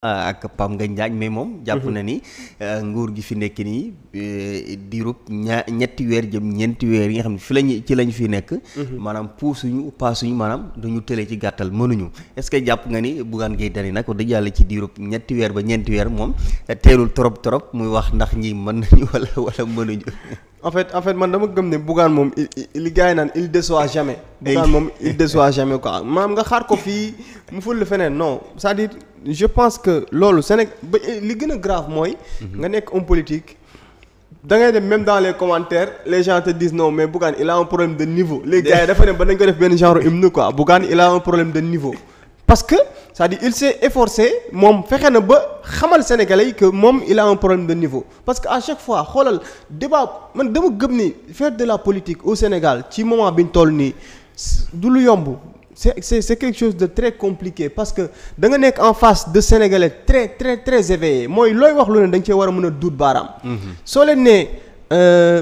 Euh, ak Pam nga Ndiaye mais moom jàpp mhm. na ni euh, nguur gi fi nekk nii euh, diirub ña ñetti weer jëm ñeenti weer yi nga xam ne fi lañu ci lañ fi nekk mhm. maanaam puusuñu paasuñu maanaam duñu tëlee ci gàttal mënuñu est ce que jàpp nga ni Bougane Gueye Dany nag wax dëgg yàlla ci diirub ñetti weer ba ñeenti weer moom teelul trop trop muy wax ndax ñi mën nañu wala wala fait en fait man dama gëm ne Bougane moom li gars yi naan il déçoit jamais Bougane moom il déçoit maam nga xaar ko fii mu ful feneen non cest à je pense que loolu Sénégal ba eh, li gën a grave mooy. nga nekk homme politique. da ngay dem même dans les commentaires les gens te disent non mais Bougane il a un problème de niveau. léegi gars yi dafa ne ba nañ ko def benn genre hymne quoi Bougane il a un problème de niveau. parce que cest à il il s'est efforcé moom fexe na ba xamal sénégalais yi moom il a un problème de niveau parce que à chaque fois xoolal débat man dama gëm ni faire de la politique au Sénégal ci moment bi ñu toll nii du lu yomb. c'est c'est c'est quelque chose de très compliqué parce que danga nekk en face de sénégalais très très très éveillé mooy looy wax lu ne dañ nga cee war a mën a duut baaraam. Mhm. soo leen nee euh,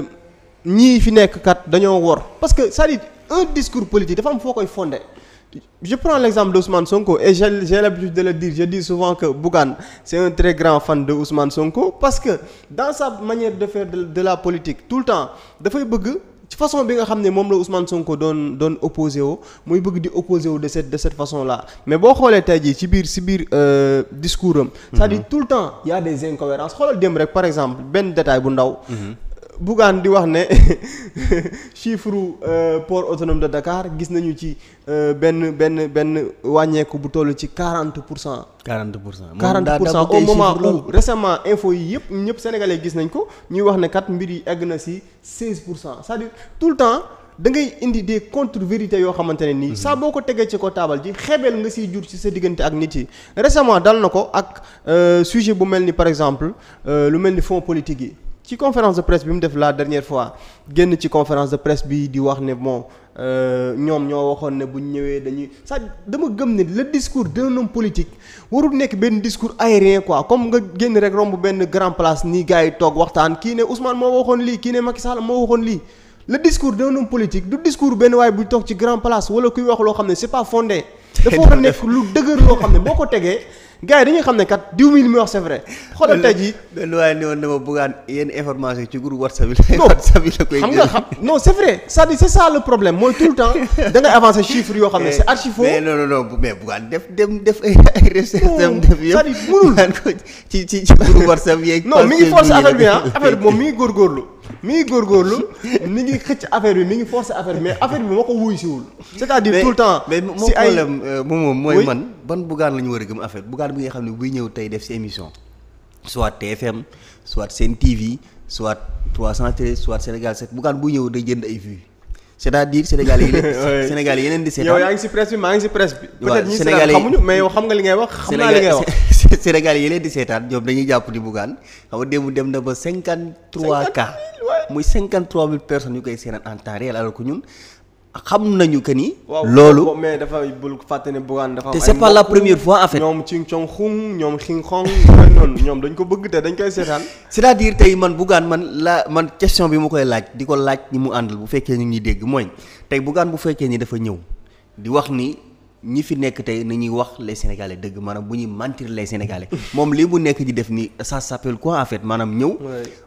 ñii fi nekk kat dañoo wor parce que c'est-à-dire un discours politique dafa am foo koy fonde je prends l'exemple d'Ousmane Sonko et j'ai j'ai l'habitude de le dire je dis souvent que Bougane c'est un très grand fan de Ousmane Sonko parce que dans sa manière de faire de, de la politique tout le temps dafay bëgg ci façon bi nga xam ne moom la Ousmane Sonko doon doon opposé woo muy bëgg di opposé woo de cette de cette façon là mais boo xoolee tey jii ci biir ci biir euh, discours am. c'est-à-dire mm-hmm. tout le temps y a des incohérences xoolal dem rek par exemple benn détail bu ndaw. Mm-hmm. Bougane di wax ne chiffre euh, port autonome de Dakar gis nañu ci euh, benn benn benn wàññeeku bu toll ci quarante pour cent. quarante pour cent quarante pour cent au moment où récemment info yi yëpp ñëpp sénégalais gis nañ ko ñuy wax ne kat mbir yi egg na si seize pour cent c'est-à-dire tout le temps. da ngay indi des contre vérités yoo xamante ne nii. Mhm. saa boo ko tegee ci ko taabal ji xebeel nga siy jur ci sa diggante ak nit yi. récemment dal na ko ak euh, sujet bu mel ni par exemple lu mel ni fonds politique yi. ci conférence de presse bi mu def la dernière fois génn ci conférence de presse bi di wax ne bon euh, ñoom ñoo waxoon ne bu ñëwee dañuy ça dama gëm ne le discours d'un homme politique warul nekk benn discours aérien quoi comme nga génn rek romb benn grand place nii gars yi toog waxtaan kii ne Ousmane moo waxoon lii kii ne Macky Sall moo waxoon lii. le discours d'un homme politique du discours benn waaye bu toog ci grand place wala kuy wax loo xam ne c'est pas fondé. dafa war xam ne boo ko tegee. gars yi dañuy xam ne kat diw mi li muy wax c'est vrai. xoolal tey jii waaye ne woon na ma bëggaan yenn information ci groupe WhatsApp yi. WhatsApp yi la koy xam nga xam non c'est vrai cest à problème mooy tout le temps da avancer chiffres yoo xam ne c'est eh, archifaux. mais non non non mais bëggaan def dem def ay ay dem def yëpp cest à ci ci ci groupe WhatsApp yeeg. non mi ngi force affaire bi ah affaire bi moom mi ngi góorgóorlu. mi ngi góorgóorlu mi ngi xëcc affaire bi mi ngi forcer affaire bi mais affaire bi moo ko wuy siwul c'est-à-dire tout le temps mais si ay problème euh, moom mooy man ban Bougane la ñu war a gëm affaire Bougane bi nga xam ne buy ñëw tey def si émission soit TFM soit Sen TV soit 313 soit Sénégal 7 Bougane buy ñëw day jënd ay vues c'est-à-dire sénégalais yi sénégalais yeneen di seetaan yow yaa ngi ci presse bi maa ngi ci presse bi peut-être ñi xamuñu mais yow xam nga li ngay wax xam naa li ngay wax yi yeneen di seetaan ñoom dañuy jàpp di Bougane xam nga démb dem na ba 53 cas muy 53 mille personnes yu koy seetaan en temps réel alors que ñun xam nañu que ni. loolu mais dafa bul fàtte ne Bougane dafa. te c'est pas la première fois en fait. ñoom Ching Chong Xung ñoom Xing Xong ñoom dañ ko bëgg te dañ koy seetaan. c'est-à-dire tey man Bougane man la man question bi mu koy laaj di ko laaj ni mu àndal bu fekkee ni ñuy dégg mooy tey Bougane bu fekkee ni dafa ñëw di wax nii ñi fi nekk tey nañuy wax les sénégalais dëgg maanaam bu ñuy mentir les sénégalais moom lii bu nekk di def nii ça s'appelle quoi en fait maanaam ñëw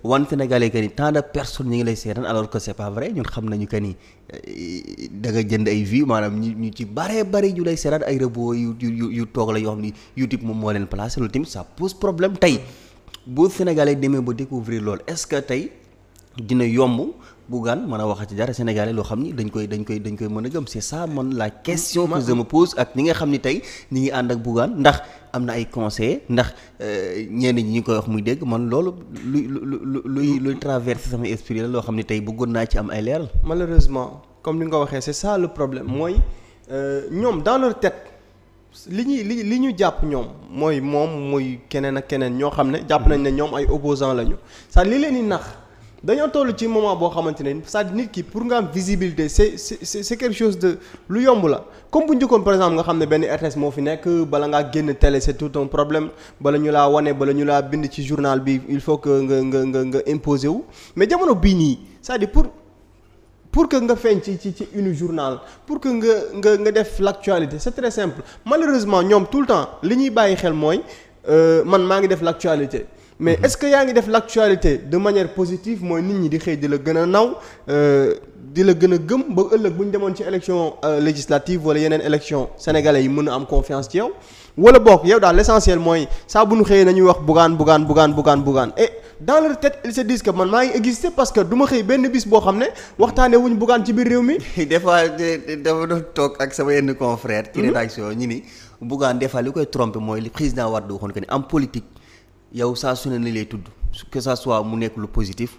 wan sénégalais que ni tant de personnes ñu ngi lay seetaan alors que c'est pas vrai ñun xam nañu que ni euh, da nga jënd ay vues maanaam ñu ñu ci bare bare ñu lay seetaan ay rebo yu yu yu toog la yoo xam ni YouTube moom moo leen placé loolu tamit sa pose problème tey bu sénégalais demee ba découvrir loolu est-ce que tey dina yomb Bougane mën a waxat ci dara sénégalais loo xam ni dañ koy dañ koy dañ koy mën a gëm c'est ça man la question que je pose ak ñi nga xam ni tey ñi ngi ànd ak Bougane ndax am na ay conseil ndax euh, ñeen ñi ñu koy wax muy dégg man loolu luy luy luy traversé sama esprit la loo xam ni tey bëggoon naa ci am ay leeral malheureusement comme ni nga waxee c'est ça le problème mooy euh, ñoom dans leur li ñuy li li ñu jàpp ñoom mooy moom mooy keneen ak keneen ñoo xam ne jàpp nañ ne ñoom ay opposants lañu dañoo toll ci moment boo xamante ne c'est-à-dire nit ki pour nga am visibilité c'est c'est c'est quelque chose de lu yomb la comme bu njëkkoon par exemple nga xam ne benn RTS moo fi nekk bala ngaa génn télé c'est tout un problème bala ñu laa wane bala ñu laa bind ci journal bi il faut que nga nga nga nga imposer wu mais jamono bii nii c'est-à-dire pour pour que nga feeñ ci ci ci une journal pour que nga nga nga def l'actualité c'est très simple malheureusement ñoom tout le temps li ñuy bàyyi xel mooy euh, man maa ngi def l'actualité mais est-ce que yaa ngi def l'actualité de manière positive mooy nit ñi di xëy di la gën a naw euh, di la gën a gëm ba ëllëg bu ñu demoon ci élection euh, législative wala yeneen élection sénégalais yi mën a am confiance ci yow wala boog yow daal l'essentiel mooy saa bu xëyee nañuy wax bugaan bugaan bugaan bugaan bugaan et dans leur tête ils se man maa ngi existé parce que du ma xëy benn bis boo xam ne waxtaanee wuñ bugaan ci biir réew mi. des fois dafa doon toog mm-hmm. ñu ni bugaan des fois li koy yow saa su ne ni lay tudd que ça soit mu nekk lu positif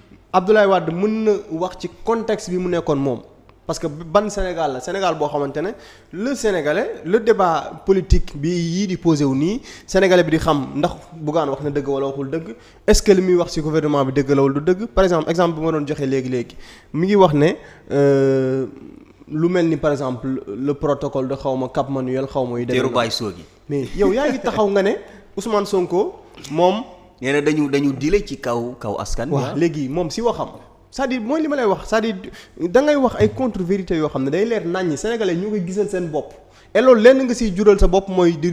Abdoulaye Wade mën na wax ci contexte bi mu nekkoon moom parce que ban Sénégal la Sénégal boo xamante ne le Sénégalais le débat politique bi yii di posé wu nii Sénégalais bi di xam ndax Bougane wax na dëgg wala waxul dëgg est-ce que li muy wax ci gouvernement bi dëgg la wala du dëgg par exemple exemple bi ma doon joxe léegi léegi mi ngi wax ne. Euh, lu mel ni par exemple le protocole de xaw ma Cap Manuel xaw ma yu demee mais yow yaa ngi taxaw nga ne Ousmane Sonko nee na dañu dañu dile ci kaw kaw askan. waa léegi moom si waxam. cest à mooy li ma lay wax c'est-à-dire da ngay wax ay contre-vérité yoo xam ne day leer nañ naññi sénégalais ñoo koy gisal seen bopp. et loolu lenn nga siy jural sa bopp mooy di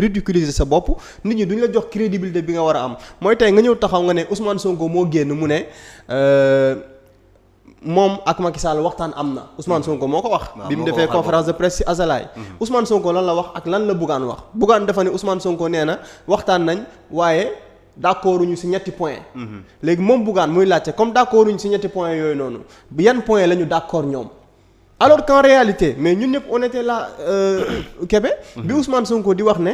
ridiculiser sa bopp nit ñi duñ la jox crédibilité bi nga war a am mooy tey nga ñëw taxaw nga ne usman Sonko moo génn mu ne. Euh, moom ak Macky Sall waxtaan am na Ousmane Sonko moo ko wax. bi mu defee conférence de presse ci Azalaay. Mhm. Ousmane Sonko lan la wax ak lan la Bougane wax Bougane dafa ne Ousmane Sonko nee na waxtaan nañ waaye. d' accord ñu si ñetti point mm-hmm. léegi moom Bougane muy laajte comme d' accord si ñetti point yooyu noonu yan point la ñu d' accord ñoom alors qu'en mais ñun ñëpp on était là euh, Kébé mm-hmm. bi Ousmane Sonko di wax ne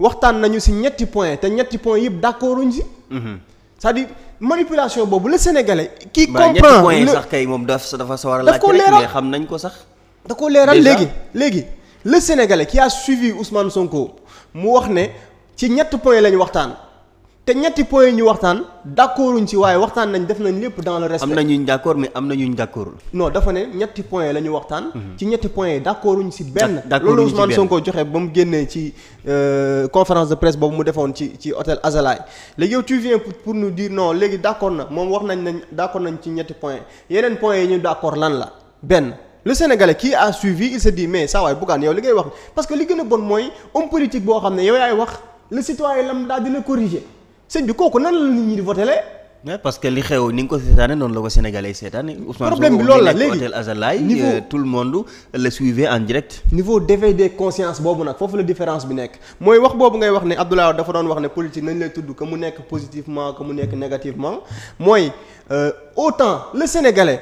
waxtaan nañu si ñetti point te ñetti point yëpp d' accord ñu si mm-hmm. cest à manipulation boobu la sénégalais qui comprend ñetti point yi sax kay moom dafa dafa sawar a laaj rek mais xam nañ ko sax da ko leeral léegi léegi le sénégalais qui a suivi Ousmane Sonko mu wax ne ci ñetti point la ñu waxtaan te ñetti points yi ñu waxtaan d'accorduñ ci waaye waxtaan nañ def nañ lépp dans le respect. am na ñuñ d'accord mais am na ñuñ d'accordul. non dafa ne ñetti points yi la ñu waxtaan. Mhm. ci ñetti points yi d'accorduñ ci benn. loolu Ousmane Sonko joxe ba mu génnee ci euh, conférence de presse boobu mu defoon ci ci hôtel Azalaï léegi yow pour nous dire non léegi d'accord na moom wax nañ nañ d'accord nañ ci ñetti points yeneen points yi ñu d'accord lan la benn. le sénégalais qui a suivi il se dit mais saa waay Bougane yow li ngay a bon mooy homme sëñ bi kooku nan la nit ñi di votelé. mais parce que li xew ni nga ko seetaane noonu la ko sénégalais seetaane. problème bi loolu la léegi hôtel Azalaï euh, niveau tout le monde le suivait en direct. niveau d'éveil des consciences boobu nag foofu la différence bi nekk mooy wax boobu ngay wax ne Abdoulaye dafa doon wax ne politique nañ lay tudd que mu nekk positivement que mu nekk négativement mooy euh, autant le sénégalais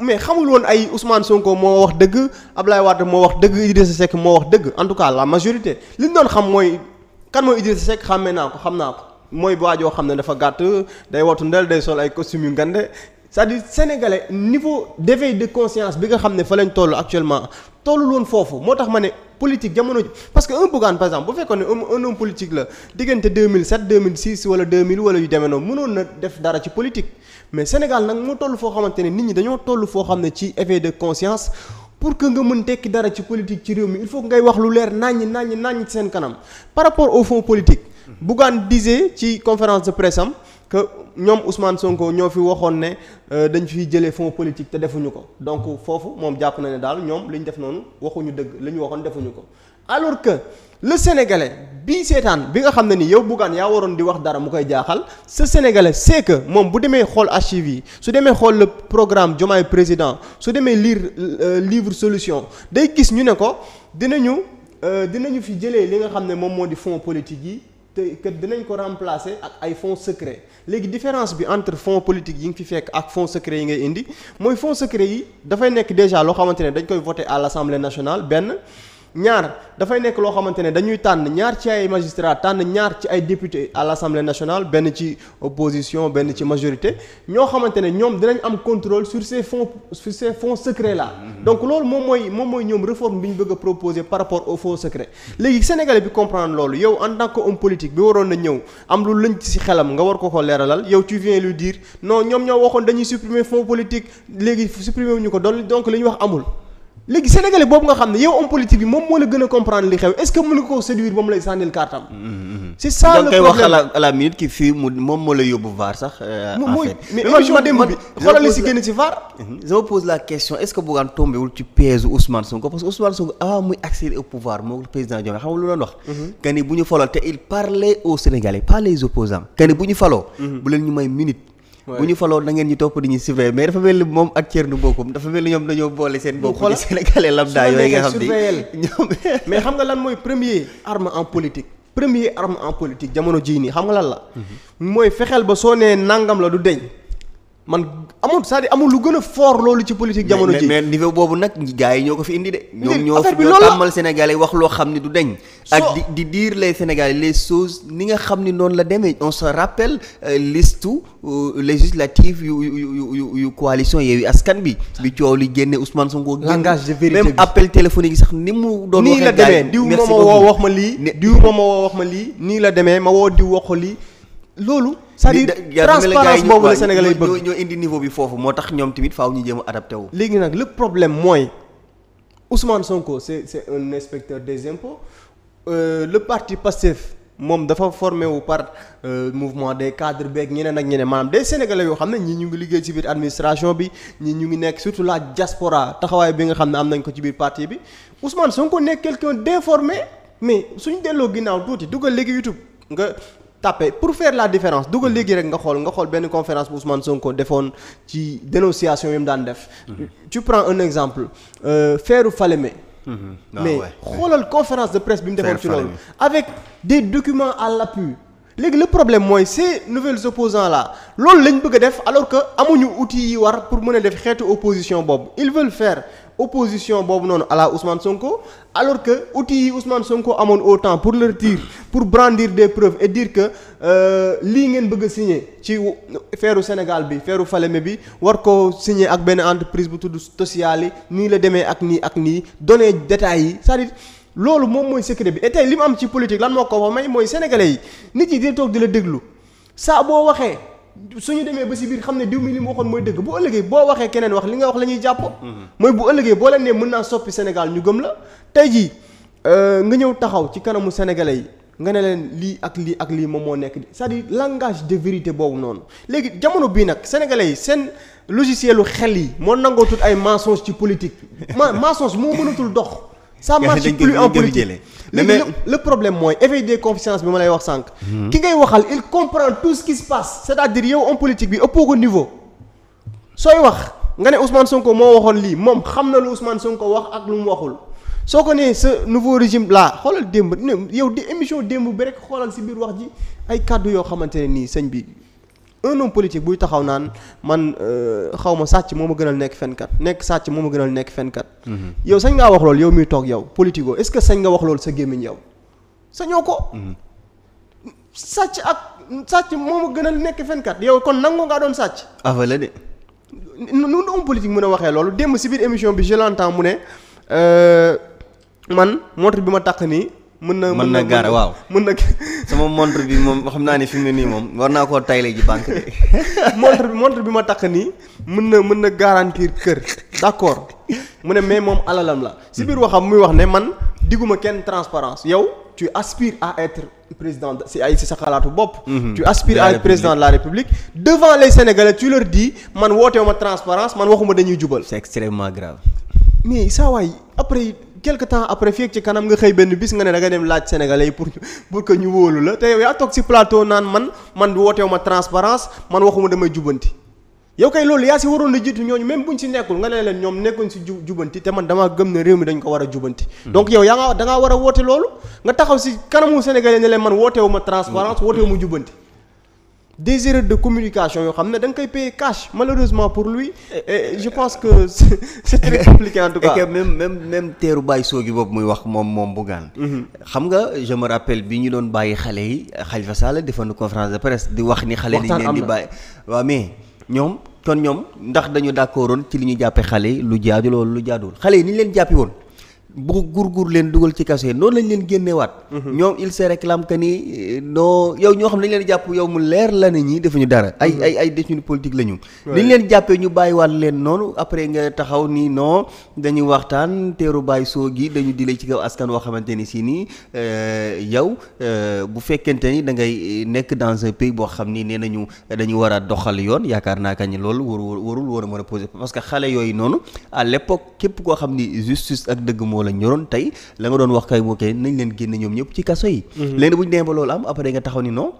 mais xamul woon ay Ousmane Sonko moo wax dëgg Abdoulaye Wade moo wax dëgg Idrissa Seck moo wax dëgg en tout cas la majorité li doon xam mooy kan mooy naa ko xam naa ko. mooy waajoo xam ne dafa gàtt day watu ndel day sol ay costume yu ngande c'est-à-dire niveau d'éveil de conscience bi nga xam ne fa lañ toll actuellement tollul woon foofu moo tax ma ne politique jamono ji parce que un Bougane par exemple bu fekkoon ne un homme politique la diggante 2007 2006 wala 2000 wala yu demee noonu mënoon na def dara ci politique mais Sénégal nag moo toll foo xamante ne nit ñi dañoo toll foo xam ne ci éveil pour que nga mën tekki dara ci politique ci réew mi il faut wax lu leer naññi naññi naññi ci seen kanam par rapport Bougane disait ci conférence de presse am ñoom Ousmane Sonko ñoo fi waxoon ne euh, dañ fiy jëlee fonds politique te defuñu ko donc foofu moom jàpp na ne daal ñoom li ñu def noonu waxuñu dëgg li ñu waxoon defuñu ko alors que le sénégalais bi seetaan bi nga xam ne ni yow Bougane yaa waroon di wax dara mu koy jaaxal ce sénégalais c'est que moom bu demee xool archive yi su demee xool le programme Diomaye président su demee lire euh, livre solution day gis ñu ne ko dinañu euh, dinañu fi jëlee li nga xam ne moom moo di fonds politique yi. te que dinañ ko remplacer ak ay fonds secrets léegi différence bi entre fonds politique yi nga fi fekk ak fonds secret yi ngay indi mooy fonds secret yi dafay nekk déjà loo xamante ne dañ koy voter à l'Assemblée nationale benn ñaar dafay nekk loo xamante ne dañuy tànn ñaar ci ay magistrat tànn ñaar ci ay député à l'Assemblée nationale benn ci opposition benn ci majorité ñoo xamante ne ñoom dinañ am control sur ces fonds sur ces fonds secrets là mhm. donc loolu moom mooy moom mooy ñoom réforme bi ñu bëgg a proposer par rapport aux fonds secrets léegi Sénégalais bi comprendre loolu yow en tant que politique bi waroon na ñëw am lu lëñ ci xelam nga war ko ko leeralal yow tu viens lu dire non ñoom ñoo waxoon dañuy supprimer fonds politique léegi supprimer wuñu ko donc li ñu wax amul léegi sénégalais boobu nga xam ne yow homme politique bi moom moo la gën a comprendre li xew est-ce que mën nga koo séduire ba mu lay sànnil kartam mm, mm, mm, c'est ça la moom moo la yóbbu VAR euh, mm-hmm. pose la question est-ce que Bougane tombé wul ci piège Ousmane Sonko parce que Ousmane Sonko avant muy accéder au pouvoir moo président Diomaye xam lu doon wax. Mm-hmm. que ni bu ñu faloo te il parlait aux Sénégalais pas les opposants que ni bu ñu faloo. Mm-hmm. bu leen ñu may minute. bu ñu faloo na ngeen ñu topp di ñu surveiller mais dafa mel ni moom ak Thierno Bocoum dafa mel ni ñoom dañoo boole seen bopp ci sénégalais lambda yooyu nga xam mais xam nga lan mooy premier arme en politique premier arme en politique jamono jii nii xam nga lan la mhm. mooy fexeel ba soo nee nangam la du deñ man amoon saa à dire amul lu gën a fort loolu ci politique jamono ji mais niveau boobu nag gars yi ñoo ko fi indi de ñoom ñoo ñoo tàmmal Sénégalais wax loo xam ni du deñ ak di di dire les Sénégalais les choses ni nga xam ni noonu la demee on se rappelle euh, liste euh, législative yu yu yu yu coalition Yewwi Askan bi bi coow li génne Ousmane Sonko langage de vérité même appel téléphonique yi sax ni mu doon waxee gars yi nii la demee diw ma ma woo wax ma lii diw ma ma woo wax ma lii nii la demee ma woo diw wax lii loolu c'est-à-dire transparence boobu la Sénégalais yi bëgg ñoo indi niveau bi foofu moo tax ñoom tamit faaw ñu jëm a wu léegi nag le problème mooy Ousmane Sonko c'est c'est un inspecteur des impôts euh, le parti Pastef moom dafa formé wu par euh, mouvement des cadres beeg ñeneen ak ñeneen maanaam des sénégalais yoo xam ne ñii ñu ngi liggéey ci biir administration bi ñii ñu nekk surtout la diaspora taxawaay bi nga xam ne am nañ ko ci biir parti bi Ousmane Sonko nekk quelqu'un d'informé mais suñu delloo ginnaaw tuuti dugal léegi YouTube nga tapé pour faire la différence dugal léegi rek nga xool nga xool benn conférence bu Ousmane Sonko defoon ci dénonciation yi mu daan def. tu prends un exemple euh, feeru Falémé. Mm-hmm. Ah mais xoolal conférence de presse bi mu defoon ci loolu. avec des documents à l'appui léegi le problème mooy ces nouvelles opposants là loolu lañ bëgg a def alors que amuñu uti yi war pour mën a def xeetu opposition boobu ils veulent faire. opposition boobu noonu à la Ousmane Sonko alors que uti yi Ousmane Sonko amoon au temps pour leur dire pour brandir des preuves et dire que euh, lii ngeen bëgg a signé ci feeru Sénégal bi feeru falame bi war ko signé ak benn entreprise bu tudd Sociali nii la demee ak nii ak nii donné détails yi cest à loolu moom mooy secret bi et li mu am ci politique lan moo ko fa may mooy sénégalais yi nit yi di toog di la déglu saa boo waxee. su ñu demee ba si biir xam ne diw mi li mu waxoon mooy dëgg bu ëllëgee boo waxee keneen wax li nga wax la ñuy jàpp mhm. mooy bu ëllëgee boo leen nee mën naa soppi Sénégal ñu gëm la tey jii euh, nga ñëw taxaw ci kanamu sénégalais yi nga ne leen lii ak lii ak lii moom moo nekk c'est-à-dire langage de vérité boobu noonu léegi jamono bii nag sénégalais yi seen logiciel lu xel yi moo nangootul ay mensonge ci politique ma mensonge moo mënatul dox ça marche plus en politique léegi le problème mooy éveil des consciences bi ma lay wax sànq. Hmm. ki ngay waxal il comprend tout ce qui se passe c'est-à-dire yow homme politique bi ëppoo ko niveau sooy wax nga ne Ousmane Sonko moo waxoon lii moom xam na lu Ousmane Sonko wax ak lu mu waxul. soo ko nee ce nouveau régime là xoolal démb yow di émission démb bi rek xoolal si biir wax ji ay kàddu yoo xamante ne nii sëñ bi un homme politique buy taxaw naan man euh, xaw ma sàcc moo ma gënal nekk fenkat nekk sàcc moo ma gënal nekk fenkat mhm. yow sañ ngaa wax loolu yow muy toog yow politico est-ce que sañ nga wax loolu sa gémmiñ yow sañoo ko mhm. sàcc ak sàcc moo ma gënal nekk fenkat yow kon nangu ngaa doon sàcc avala de nu homme politique mën a waxee loolu démb si biir émission bi je l'entends mu ne euh, man montre bi ma taq nii mën na mën na gaare waaw mën na sama montre bi moom xam naa ne fi mu ne nii moom war naa koo tayle ji banque de. montre bi ma takk nii mën na mën na garantir kër d'accord mu ne mais moom alalam la si biir waxam muy wax ne man digguma kenn transparence yow tu aspires à être président si ay si sa xalaatu bopp. Mhm. tu aspires à être président de la République. devant les Sénégalais tu leur dis man wootewu ma transparence man waxuma dañuy jubal. c'est extrêmement grave. mais saa waay quelque temps après fii ci kanam nga xëy benn bis nga ne da nga dem laaj sénégalais yi pour pour que ñu wóolu la te yow yaa toog si plateau naan man man wooteewu ma transparence man waxuma damay jubbanti yow kay loolu yaa si waroon na jiitu ñooñu même buñ si nekkul nga ne leen ñoom nekkuñ si ju jubanti te man damaa gëm ne réew mi dañ ko war a jubanti hmm. donc yow yaa nga da ngaa war woote loolu nga taxaw si kanamu sénégalais ne leen man wooteewu ma transparence wooteewu ma jubanti des erreurs de communication yoo xam ne danga nga koy payer cash malheureusement pour lui je pense que c'est très compliqué en tout cas. même même même teeru bàyyi soogi boobu muy wax moom moom Bougane. Mhm. xam nga je me rappelle bi ñu doon bàyyi xale yi Khalifa Sall defoon conférence de presse di wax ni. xale dañ leen di bàyyi waa mais ñoom. kon ñoom ndax dañu d'accordoon ci li ñu jàppee xale yi lu jaadu loolu lu jaaduwul xale yi ni ñu leen jàppee woon. bu gurgur leen dugal ci kaso noonu lañ leen génneewaat. Mhm. ñoom il se réclame que ni eh, non yow ñoo xam ne dañ leen jàpp yow mu leer la ne ñi defuñu dara. ay mhm. ay ay détenus politique la ñu. dañ leen jàppee ñu bàyyiwaat leen noonu après nga taxaw ni non dañuy waxtaan teeru bàyyi soo gi dañu dile ci kaw askan woo xamante ni si nii eh, yow eh, bu fekkente ni da ngay nekk dans un pays boo xam ni nee nañu dañu war a doxal yoon yaakaar naa kañ loolu warul warul war a mën a poser parce que xale yooyu noonu à dëgg moo la ñoroon tey la nga doon wax kay moo kay nañ leen génne ñoom ñëpp ci kaso yi mhm. léegi bu ñu demee ba loolu am après nga taxaw ni non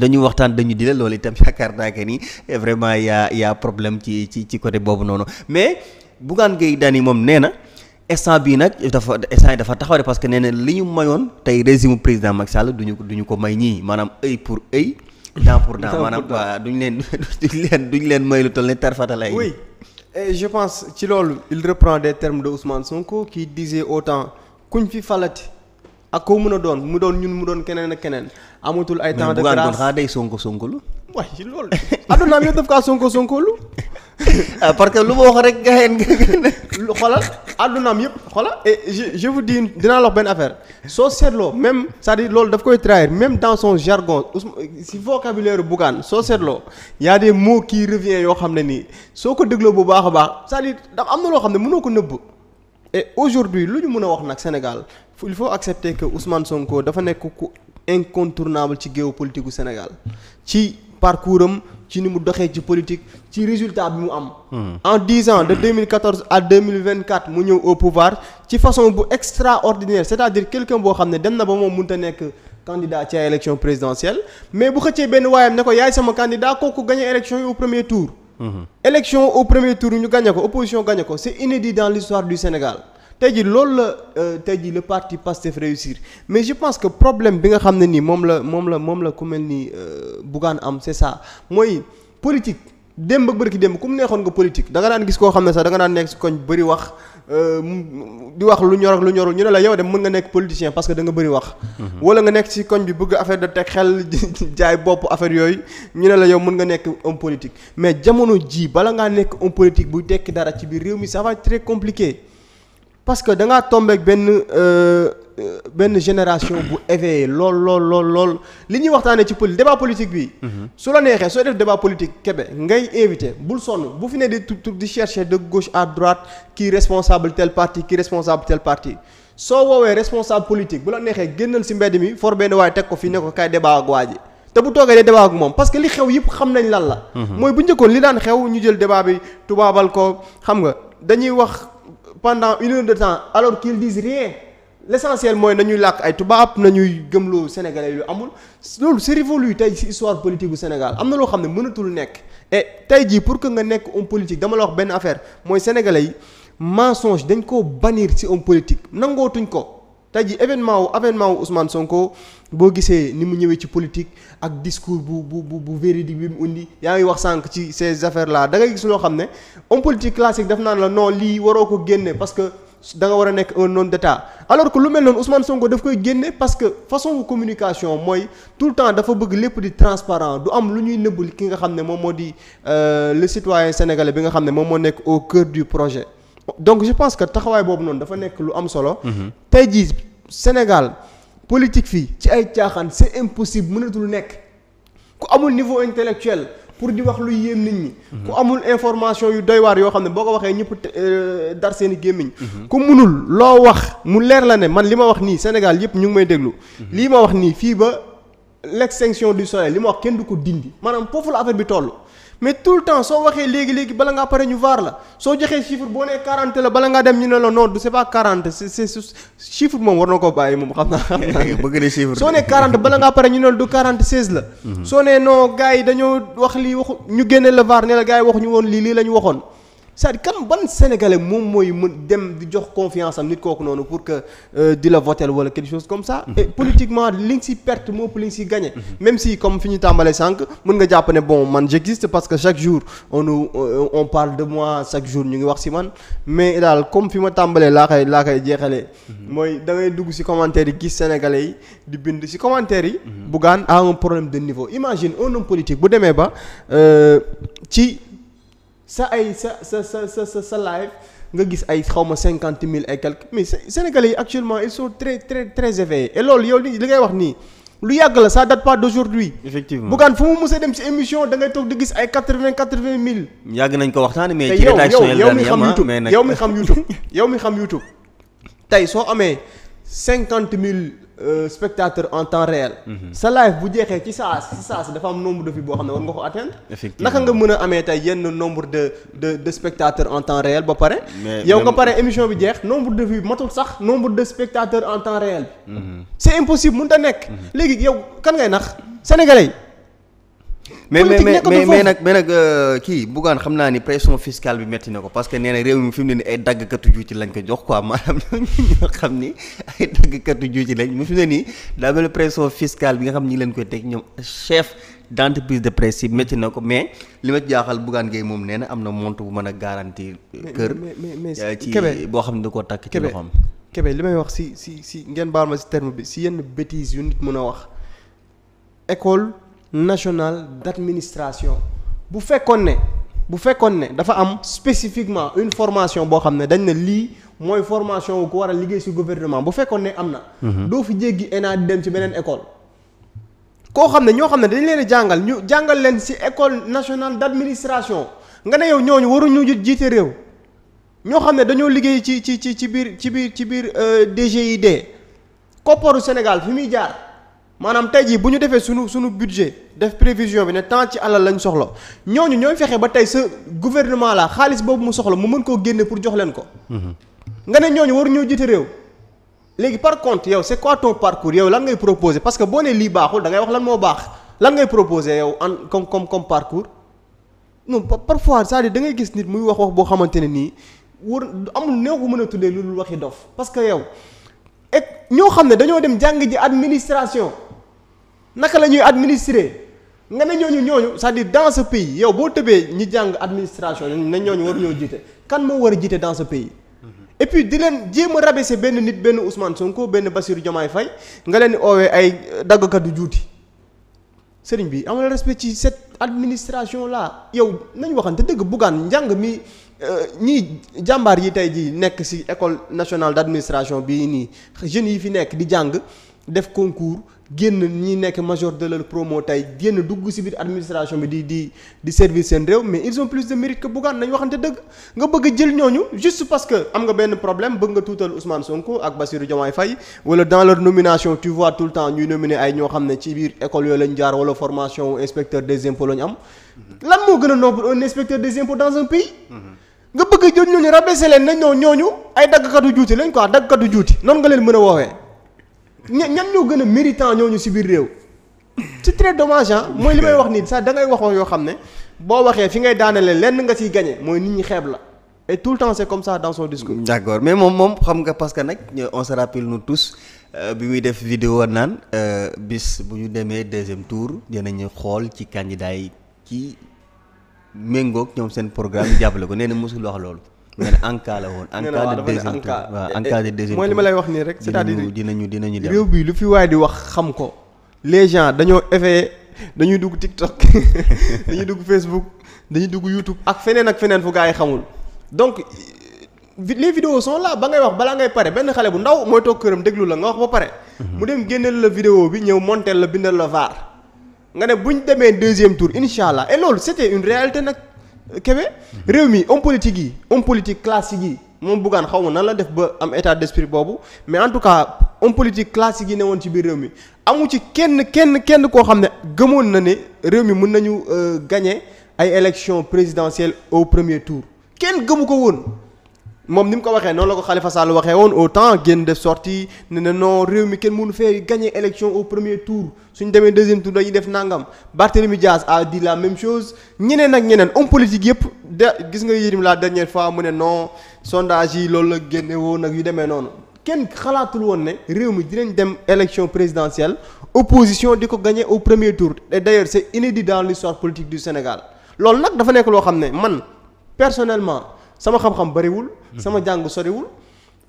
dañu waxtaan dañu di la loolu itam yaakaar naa que ni vraiment yaa yaa problème ci ci ci côté boobu noonu mais Bougane Gueye yi moom nee na instant bii nag dafa instant yi dafa taxaw de parce que nee na li ñu mayoon tey régime président Macky Sall duñu duñu ko may ñii maanaam œil pour œil dent pour dent maanaam duñu leen duñu leen duñu leen may lu toll ne tarfatal ay oui et je pense ci loolu il reprend des terme de Ousmane Sonko qui disait autant kuñ fi falati ak koo mën a doon mu doon ñun mu doon keneen ak keneen. amatul ay temps de grâce mais bu xaa day Sonko Sonko lu. waaye ci loolu. addunaa mi def kaa Sonko Sonko lu. Ah, parce que lu ma wax rek nga xëy lu xoolal àddunaam yëpp xoola et je je vous dis dinaa lox benn affaire soo seetloo même c'est-à-dire loolu daf koy trahir même dans son jargon si vocabulaire Bougane soo seetloo y a moo kii qui yoo xam ne nii soo ko dégloo bu baax a baax c'est-à-dire am na loo xam ne mënoo ko nëbb et aujourd'hui lu ñu mën a wax nag Sénégal il faut accepter que Ousmane Sonko dafa nekk ku incontournable ci géopolitique gu Sénégal ci parcours am ci ni mu doxee ci politique ci résultat bi mu am. Hmm. en dix ans de 2014 à 2024 mu ñëw au pouvoir ci façon bu extraordinaire c'est-à-dire quelqu'un boo xam ne dem na ba moom mënut a nekk candidat ci ay élection présidentielle mais bu xëccee benn waayam ne ko yaay sama candidat kooku gagné élection yi au premier tour. Mmh. élection premier tour ñu gagné ko opposition gagné ko c'est inédit dans l'histoire du Sénégal tey jii loolu la euh, tey jii le parti Pastef réussir pense que problème bi nga xam ne nii moom la moom la moom la ku mel euh, Bougane am c'est ça mooy politique démb ak bërki démb ku mu neexoon nga politique da nga daan gis koo xam ne sax da nga daan nekk si koñ bëri wax euh, di wax lu ñor ak lu ñorul ñu ne la yow de mën nga nekk politicien parce que da nga bëri wax. Mhm. wala nga nekk si koñ bi bëgg affaire de teg xel jaay bopp affaire yooyu ñu ne la yow mën nga nekk homme mais jamono ji bala ngaa nekk homme politique buy dekki dara ci biir réew mi ça va très compliqué parce que da ngaa tombé ak benn. Euh, Euh, benn génération bu éveillé lool lool lool lool li ñuy waxtaanee ci poli débat politique bi. Mhm. su la neexee sooy def débat politique kebe ngay invité bul sonn bu fi ne di tu di chercher de gauche à droite kii responsable tel parti kii responsable tel parti soo woowee responsable politique bu la neexee génnal si mbedd mi for benn waaye teg ko fi ne ko kay débat ak waa ji te bu toogee day débat ak moom parce que li xew yëpp xam nañ lan la. Mhm. mooy bu njëkkoon li daan xew ñu jël débat bi tubaabal ko xam nga dañuy wax pendant une de temps alors qu'ils l'essentiel mooy nañuy làkk ay tubaab nañuy gëmloo sénégalais yu amul loolu c'est révolu tey ci histoire politique bu Sénégal am na loo xam ne mënatul nekk et tey pour que nga nekk homme politique dama la wax benn affaire mooy sénégalais yi mensonge dañ ko bannir ci homme politique nangootuñ ko tey ji événement wu am wu Ousmane Sonko boo gisee ni mu ñëwee ci politique ak discours bu bu bu bu véridique bi mu undi yaa ngi wax sànq ci ces affaires là da ngay gis xam ne homme politique classique daf la non lii waroo ko génne parce que. da nga war a nekk un homme d'État alors que lu mel noonu Ousmane Sonko daf koy génne parce que façon communication mooy tout le temps dafa bëgg lépp di transparent du am lu ñuy nëbbul ki nga xam ne moom moo di euh, le citoyen sénégalais bi nga xam ne moom moo nekk au cœur du projet donc je pense que taxawaay boobu noonu dafa nekk lu am solo mhm. tey jii Sénégal politique fii ci ay caaxaan c'est impossible mënatul nekk ku amul niveau intellectuel pour di wax lu yéem nit ñi. Mhm. ku amul information yu doy waar yoo xam ne boo ko waxee ñëpp euh, dar seen i gémmiñ. Mhm. ku munul loo wax mu leer la ne man li ma wax nii Sénégal yëpp ñu ngi may déglu. Mhm. lii ma wax nii fii ba l' extinction du soleil li ma wax kenn du ko dindi maanaam foofu la affaire bi toll. mais tout le temps soo waxee léegi-léegi bala ngaa pare ñu vaar la soo joxee chiffre boo nee 40 la bala ngaa dem ñu ne la non du c'est pas 40 c'est chiffre moom war na ko bàyyi moom xam naa xam naa bëgg na chiffre soo nee 40 bala ngaa pare ñu ne la du 40 16 la mhm. soo nee non gars yi dañoo wax lii waxu ñu génne la vaar ne la gars yi waxuñu woon lii lii la ñu waxoon c'est-à-dire kan ban sénégalais moom mooy mën dem di jox confiance am nit kooku noonu pour que euh, di la voter wala quelque chose comme ça. Mm-hmm. et politiquement li nga si perte moo ëpp li nga si gagné. Mm-hmm. même si comme fi ñu tàmbalee sànq mën nga jàpp ne bon man j'existe parce que chaque jour on nous euh, parle de mois chaque jour ñu ngi wax si man mais i daal comme fi ma tàmbalee laa koy laa koy jeexalee. Mm-hmm. mooy da dugg si commentaire yi gis sénégalais yi di bind si commentaire yi. Bougane a un problème de niveau imagine un homme politique bu demee ba euh, ci. sa ay sa sa sa sa sa live nga gis ay xaw ma cinquante mille et quelques mais sénégalais yi actuellement ils sont très très très éveillés et loolu yow li li ngay wax nii lu yàgg la sa date pas d'aujourd'hui effectivement Bougane fu mu mës dem ci émission da ngay toog di gis ay quatre vingt quatre vingt mille. yàgg nañ ko waxtaanee mais ci rédaction yi yow mi xam YouTube yow mi xam YouTube yow tey soo amee cinquante mille. Euh, spectateur en temps réel. Mhm. sa live bu jeexee ci saa si saa si dafa am nombre de vues boo xam ne war nga ko atteindre. effectivement naka nga mën a amee tey yenn nombre de de spectateurs en temps réel ba pare. yow nga pare émission bi jeex nombre de vues matul sax nombre de spectateurs en temps réel. Mhm. c' est impossible mun a nekk. Mhm. léegi yow kan ngay nax sénégalais mais mais mais mais nag mais nag euh, kii Bougane xam naa ni pression fiscale bi metti na ko parce que nee na réew mi fi mu ne ni ay daggkatu juuti lañ ko jox quoi maanaam ñoo xam ni ay daggkatu juuti lañ mu fi mu ne nii daa mel pression fiscale bi nga xam ñi leen koy teg ñoom chef d' entreprise de presse yi metti na ko mais li ma jaaxal Bougane Gueye moom nee na am na montre bu mën a garantir kër euh, ci boo xam ne da koo takk ci loxoom Kébé li may wax si si si ngeen baal ma si terme bi si yenn bêtises yu nit mën a wax école national d'administration bu fekkoon ne bu fekkoon ne dafa am spécifiquement une formation boo xam ne dañ ne lii mooy formation wu ko war a liggéey si gouvernement bu fekkoon ne am na mhm. doo fi jéggi ENA di dem ci beneen école koo xam ne ñoo xam ne dañ leen jàngal ñu jàngal leen ci école nationale d'administration nga ne yow ñooñu waruñu jiite réew ñoo xam ne dañoo liggéey ci ci ci ci biir ci biir ci biir euh, DGID kopparu Sénégal fi muy jaar maanaam tey jii bu ñu defee sunu sunu budget def prévision bi ne tant ci alal lañ soxla ñooñu ñooy fexe ba tey sa gouvernement laa xaalis boobu mu soxla mu mën koo génne pour jox leen ko. Mm-hmm. nga ne ñooñu war ñoo jiite réew. léegi par contre yow c'est quoi ton parcours yow lan ngay proposer parce que boo nee lii baaxul da ngay wax lan moo baax lan ngay proposer yow en comme comme comme parcours. non parfois c'est-à-dire da ngay gis nit muy wax wax boo xamante ne nii war amul néew ko mën a tuddee lu dul waxi dof parce que yow et ñoo xam ne dañoo dem jàng ji administration. naka la ñuy administrer nga ne ñooñu ñooñu c'est-à-dire dans ce pays yow boo tëbee ñi jàng administration ne ñooñu waruñoo jiite kan moo war a jiite dans ce pays. Mm-hmm. et di leen jéem a rabaisser benn nit benn Ousmane Sonko benn Bassirou jamaay Faye nga leen di oowee ay euh, daggkatu juuti sëriñ bi amul respect ci cette administration là yow nañu waxante dëgg buggaan njàng mi. Euh, ñii jàmbaar yi tey jii nekk ci école nationale d'administration bii nii jeunes yi fi nekk di jàng def concours génn ñi nekk major de leur promo génn dugg ci biir administration bi di di di servir seen réew mais ils ont de mérite que Bougane nañ waxante dëgg nga bëgg jël ñooñu juste parce que am nga benn problème bëgg nga tuutal Ousmane Sonko ak Bassirou Diomaye Faye wala dans leur nomination tu vois tout le temps ñuy nominer ay ñoo xam ne ci biir école yooyu lañ jaar wala formation inspecteur des impôts lañ am mm-hmm. lan moo gën a noble un inspecteur des impôts dans un pays mm-hmm. nga bëgg jël ñooñu rabaisser leen na ñoo nga leen mën a woowee ñan ñoo gën a méritant ñooñu si biir réew. c'est très dommage mooy li may wax nii sax dangay ngay wax yoo xam ne boo waxee fi ngay daanale lenn nga siy gañe mooy nit ñi xeeb la et tout le temps comme ça dans son discours. d'accord mais moom moom xam nga parce que nag euh, on se rappelle tous euh, bi muy def vidéo naan euh, bis bu ñu demee deuxième tour nañu xool ci candidat yi ci méngoog ñoom seen programme jàppale ko nee na mosul wax loolu. nga ne en cas la woon. en cas de deuxième tour waaw en cas de deuxième tour eh, mooy li ma lay wax nii rek. c'est-à-dire dinañu dinañu dem réew bi lu fi waay di wax xam ko les gens dañoo éveillé dañuy dugg TikTok dañuy dugg Facebook dañuy dugg YouTube ak feneen ak feneen fu gars yi xamul donc. les vidéos sont là ba ngay wax balaa ngay pare benn xale bu ndaw mooy toog këram déglu la nga wax ba pare. Mhm. mu dem génneel la vidéo bi ñëw monteel la bindal la vaar. nga ne bu ñu demee deuxième tour incha allah et loolu c'était une réalité nag. Kébé réew mi homme politique yi homme politique classique yi moom buggaan xaw ma nan la def ba am état d'esprit boobu mais en tout cas homme politique classique yi ne woon ci biir réew mi amu ci kenn kenn kenn koo xam ne gëmoon na ne réew mi mën nañu euh, gagner ay élections présidentielles au premier tour kenn gëmu ko woon moom ni mu ko waxee noonu la ko Khalifa Sall waxee woon au temps génn def sorti ne ne non réew mi kenn mënu fee gagner élection au premier tour suñu demee deuxième tour dañuy def nangam Barthélemy Diaz a dit la même chose ñeneen ak ñeneen homme politique yëpp de gis nga Yérim la dernière fois mu ne noo sondage yi loolu la génne woon ak yu demee noonu kenn xalaatul woon ne réew mi dinañ dem élection présidentielle opposition di ko gagner au premier tour et d'ailleurs c'est inédit Sénégal loolu nag dafa nekk loo xam ne man personnellement sama xam bariwul sama jàng soriwul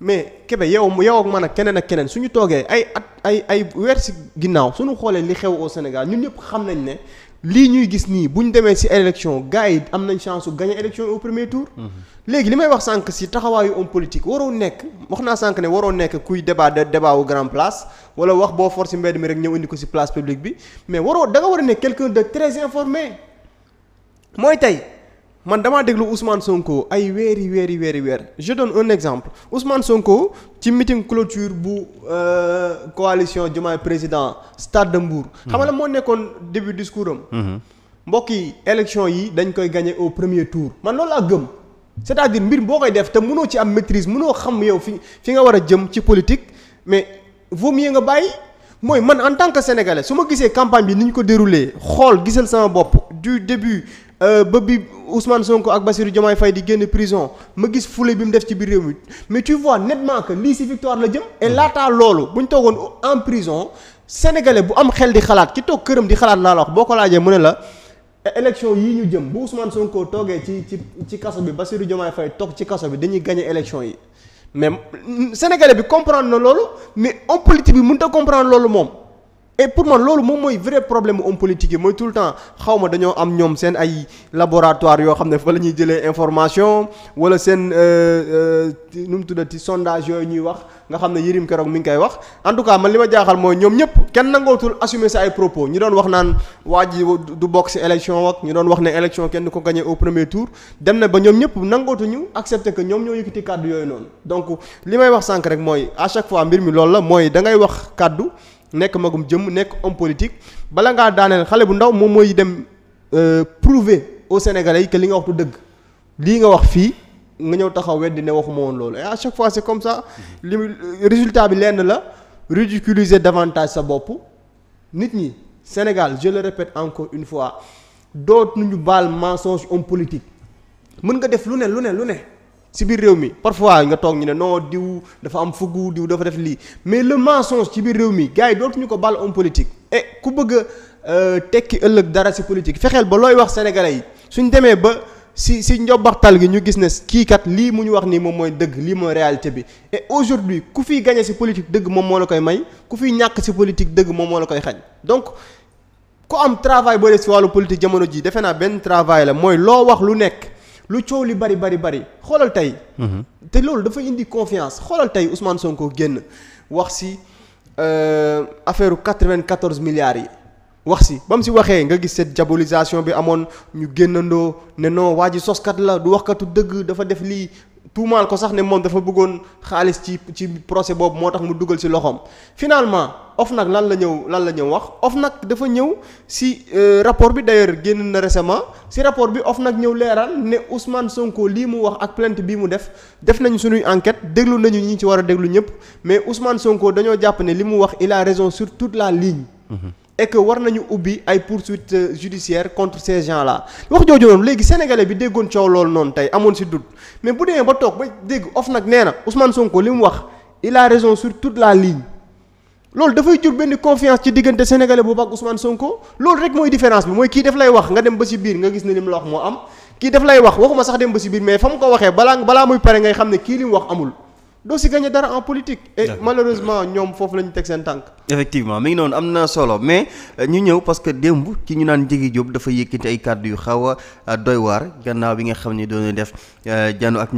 mais Kébé yow yow ak man ak keneen ak keneen suñu toogee ay at ay ay weer si ginnaaw suñu xoolee li xew au Sénégal ñun ñëpp xam nañ ne lii ñuy gis nii bu ñu demee si élection gars yi am nañ chance su gagné élection au premier tour. léegi li may wax sànq si taxawaayu homme politique waroo nekk wax naa sànq ne waroo nekk kuy débat débat wu grand place wala wax boo force mbedd mi rek ñëw indi ko si place publique bi mais waroo da nga war a nekk quelqu'un de très mooy tey. man damaa déglu Ousmane Sonko ay weeri weeri weeri weer je un exemple Ousmane Sonko ci meeting cloture bu euh, coalition Diomaye président stade de Mbour. xam nga la moo nekkoon début discours am. Mhm. mbokk yi élection yi dañ koy gagné au premier tour. man loolu ak gëm c'est-à-dire mbir boo koy def te mënoo ci am maîtrise mënoo xam yow fi fi nga war a jëm ci politique mais vaut mieux nga bàyyi. mooy man en tant que sénégalais su ma gisee campagne bi ni ñu ko déroulé xool gisal sama bopp du début Euh, ba bi Ousmane Sonko ak Bassirou Diomaye fay di génn prison ma gis fule bi mu def ci biir réew mi mais tu vois nettement que lii si victoire la jëm et laataa loolu bu ñu toogoon en prison sénégalais bu am xel di xalaat ki toog këram di xalaat laa la wax boo ko laajee mu ne la élection yii ñu jëm bu Ousmane Sonko toogee ci ci ci kaso bi Bassirou Diomaye Faye toog ci kaso bi dañuy gagné élection yi mais sénégalais bi comprendre na loolu mais homme politique bi mun a comprendre loolu moom et pour man loolu moom mooy vrai problème mu homme politique yi mooy tout le temps xaw ma dañoo am ñoom seen ay laboratoire yoo xam ne fa la ñuy jëlee information wala seen euh, euh, nu mu tuddati sondage yooyu ñuy wax nga xam ne Yérim keroog mi ngi koy wax en tout cas man li ma jaaxal mooy ñoom ñëpp kenn nangootul assumer sa ay propos ñu doon wax naan waa ji du bokk ci élection ak ñu doon wax ne élection kenn du ko gagné au premier tour dem na ba ñoom ñëpp nangootuñu accepter que ñoom ñoo yëkkati kàddu yooyu noonu donc li may wax sànq rek mooy à chaque fois mbir mi loolu la mooy da ngay wax kàddu nekk magum jëm nekk homme politique bala nga daaneel xale bu ndaw moom mooy dem euh, prouver aux Sénégalais yi que li nga wax du dëgg lii nga wax fii nga ñëw taxaw weddi ne waxuma woon loolu et à chaque fois c'est comme ça li euh, résultat bi lenn la ridiculiser davantage sa bopp nit ñi Sénégal je le répète encore une fois doot nu ñu baal mensonge homme politique mën nga def lu ne lu ne lu ne ci biir réew mi parfois nga toog ñu ne non diw dafa am fuggu diw dafa def lii mais le mensonge ci biir réew mi gars yi dootuñu ko bal homme politique eh, ku bëgg a euh, tekki ëllëg dara ci politique fexeel ba looy wax sénégalais yi suñ demee ba si si njobbaxtal gi ñu gis ne kii kat lii mu ñu wax nii moom mooy dëgg lii mooy réalité bi et aujourd'hui ku fiy gagné ci politique dëgg moom moo la koy may ku fi ñàkk ci politique dëgg moom moo la koy xañ donc ku am travail boo def wàllu politique jamono ji defe naa benn travail la mooy loo wax lu nekk lu coow li bari bari bari xoolal tey. Mhm. te loolu dafa indi confiance xoolal tey Ousmane Sonko génn wax si euh, affaire vingt 94 milliards yi. wax si ba mu si waxee nga gis cette diabolisation bi amoon ñu génnandoo ne noo waa ji soskat la du waxkatu dëgg dafa def lii tuumaal ko sax ne moom dafa bëggoon xaalis ci ci procès boobu moo tax mu dugal ci loxoom finalement nag lan la ñëw lan la ñëw wax nag dafa ñëw ci euh, rapport bi d'ailleurs génn na récemment si rapport bi nag ñëw leeral ne Ousmane Sonko lii mu wax ak plainte bi mu def def nañu suñuy enquête déglu nañu ñi ci war a déglu ñëpp mais Ousmane Sonko dañoo jàpp ne li mu wax il a raison surtout toute la ligne. Mm-hmm. et que war nañu ubbi ay poursuites judiciaires contre ces gens là wax jooju noonu léegi sénégalais bi déggoon coow loolu noonu tey amoon si doute mais bu demee ba toog ba dégg of nag nee na Ousmane Sonko li mu wax il a raison sur toute la ligne loolu dafay jur benn confiance ci diggante sénégalais boobu ak Ousmane Sonko loolu rek mooy différence bi mooy kii daf lay wax nga dem ba si biir nga gis ne li mu la wax moo am kii daf lay wax waxuma sax dem ba si biir mais fa mu ko waxee balaa muy pare ngay xam ne kii li mu amul. doo si gagné dara en politique. et malheureusement ñoom foofu la ñu teg seen tànk. effectivement mi ngi noonu am na solo mais euh, ñu ñëw parce que démb ci ñu naan Ndiéguy jóob dafa yëkkati ay kàddu yu xaw a euh, doy waar gannaaw bi nga xam ni doon def janu euh, ak.